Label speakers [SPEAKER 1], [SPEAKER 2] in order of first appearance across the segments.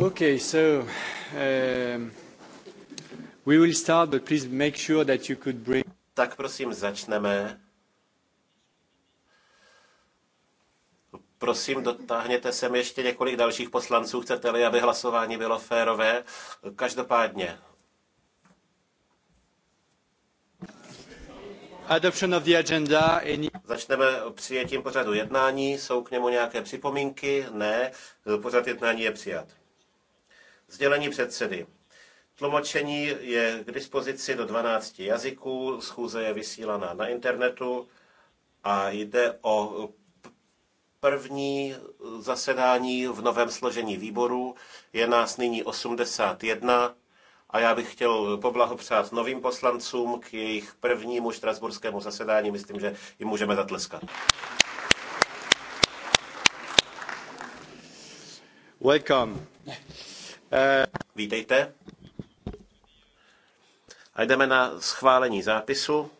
[SPEAKER 1] Okay, so um, we will start, but please make sure that you could bring. Tak prosím, začneme. Prosím, dotáhněte sem ještě několik dalších poslanců, chcete-li, aby hlasování bylo férové. Každopádně. Adoption of the agenda. Any... Začneme přijetím pořadu jednání. Jsou k němu nějaké připomínky? Ne. Pořad jednání je přijat. Sdělení předsedy. Tlumočení je k dispozici do 12 jazyků, schůze je vysílaná na internetu a jde o první zasedání v novém složení výboru. Je nás nyní 81 a já bych chtěl poblahopřát novým poslancům k jejich prvnímu štrasburskému zasedání. Myslím, že jim můžeme zatleskat. Welcome. Eh, vítejte. A jdeme na schválení zápisu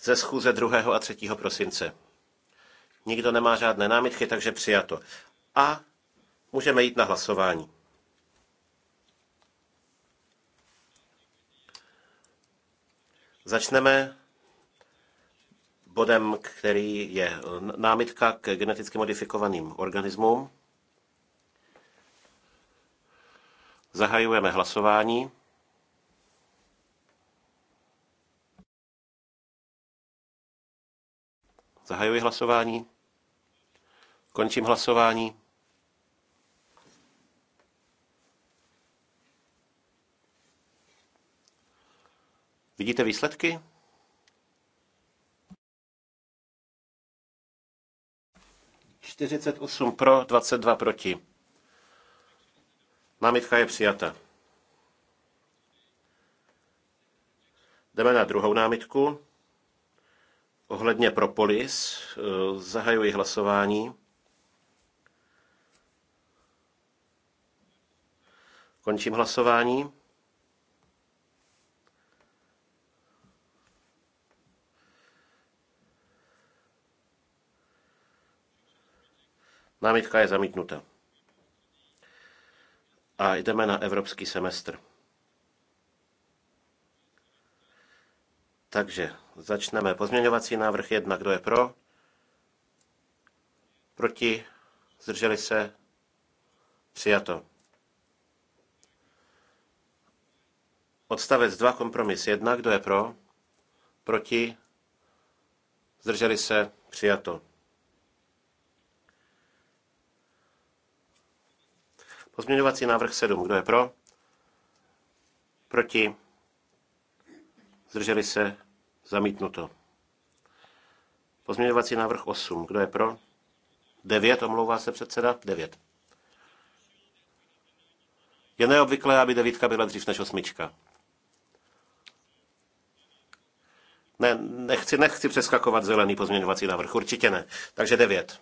[SPEAKER 1] ze schůze 2. a 3. prosince. Nikdo nemá žádné námitky, takže přijato. A můžeme jít na hlasování. Začneme bodem, který je námitka k geneticky modifikovaným organismům. Zahajujeme hlasování. Zahajuji hlasování. Končím hlasování. Vidíte výsledky? Čtyřicet osm pro, dvacet dva proti. Námitka je přijata. Jdeme na druhou námitku. Ohledně Propolis eh, zahajuji hlasování. Končím hlasování. Námitka je zamítnuta a jdeme na evropský semestr. Takže začneme. Pozměňovací návrh 1. Kdo je pro? Proti? Zdrželi se? Přijato. Odstavec 2, kompromis 1. Kdo je pro? Proti? Zdrželi se? Přijato. Pozměňovací návrh 7. Kdo je pro? Proti? Zdrželi se? Zamítnuto. Pozměňovací návrh 8. Kdo je pro? 9. Omlouvá se předseda? 9. Je neobvyklé, aby devítka byla dřív než osmička. Ne, nechci, nechci přeskakovat zelený pozměňovací návrh, určitě ne. Takže 9.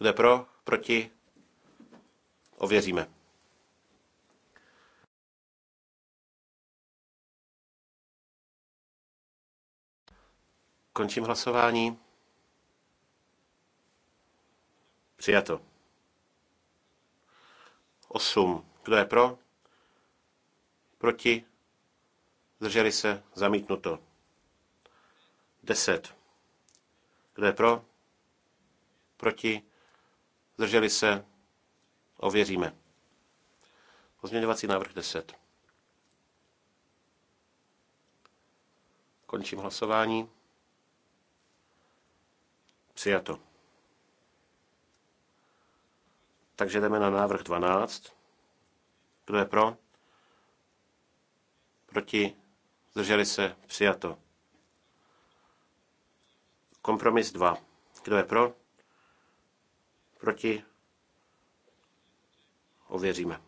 [SPEAKER 1] je pro? Proti? Ověříme. Končím hlasování. Přijato. 8. Kdo je pro? Proti? Zdrželi se? Zamítnuto. 10. Kdo je pro? Proti? Zdrželi se? Ověříme. Pozměňovací návrh 10. Končím hlasování. Přijato. Takže jdeme na návrh 12. Kdo je pro? Proti? Zdrželi se? Přijato. Kompromis 2. Kdo je pro? Proti? Ověříme.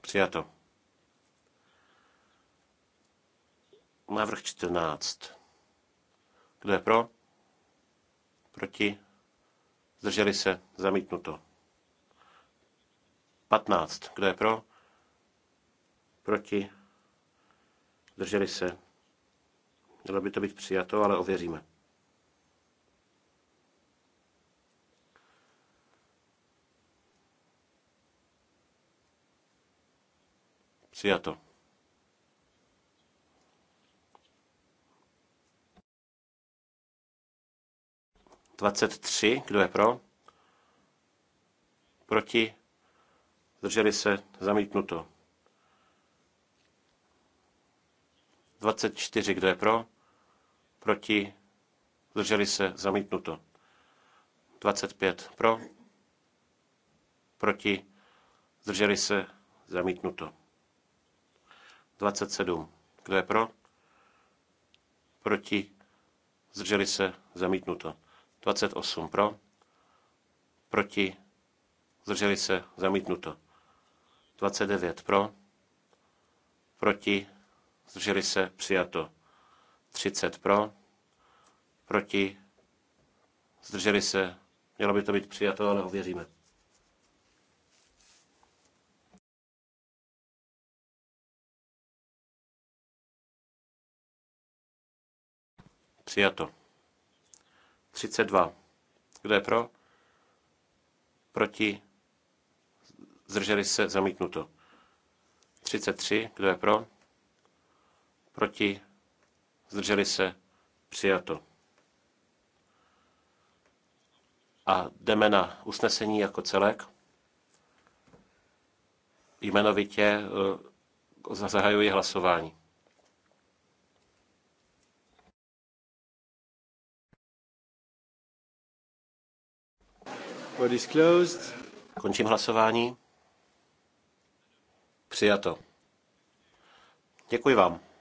[SPEAKER 1] Přijato. Návrh 14. Kdo je pro? Proti? Zdrželi se? Zamítnuto. 15. Kdo je pro? Proti? Zdrželi se. Mělo by to být přijato, ale ověříme. Přijato. Dvacet tři, kdo je pro? Proti? Zdrželi se? Zamítnuto. 24, kdo je pro? Proti? Zdrželi se? Zamítnuto. 25 pro? Proti? Zdrželi se? Zamítnuto. 27. Kdo je pro? Proti? Zdrželi se? Zamítnuto. 28 pro? Proti? Zdrželi se? Zamítnuto. 29 pro? Proti? zdrželi se, přijato. 30 pro, proti, zdrželi se, mělo by to být přijato, ale ověříme. Přijato. 32. Kdo je pro? Proti? Zdrželi se? Zamítnuto. 33. Kdo je pro? Proti? Zdrželi se? Přijato. A jdeme na usnesení jako celek. Jmenovitě eh, zahajuji hlasování. Končím hlasování. Přijato. Děkuji vám.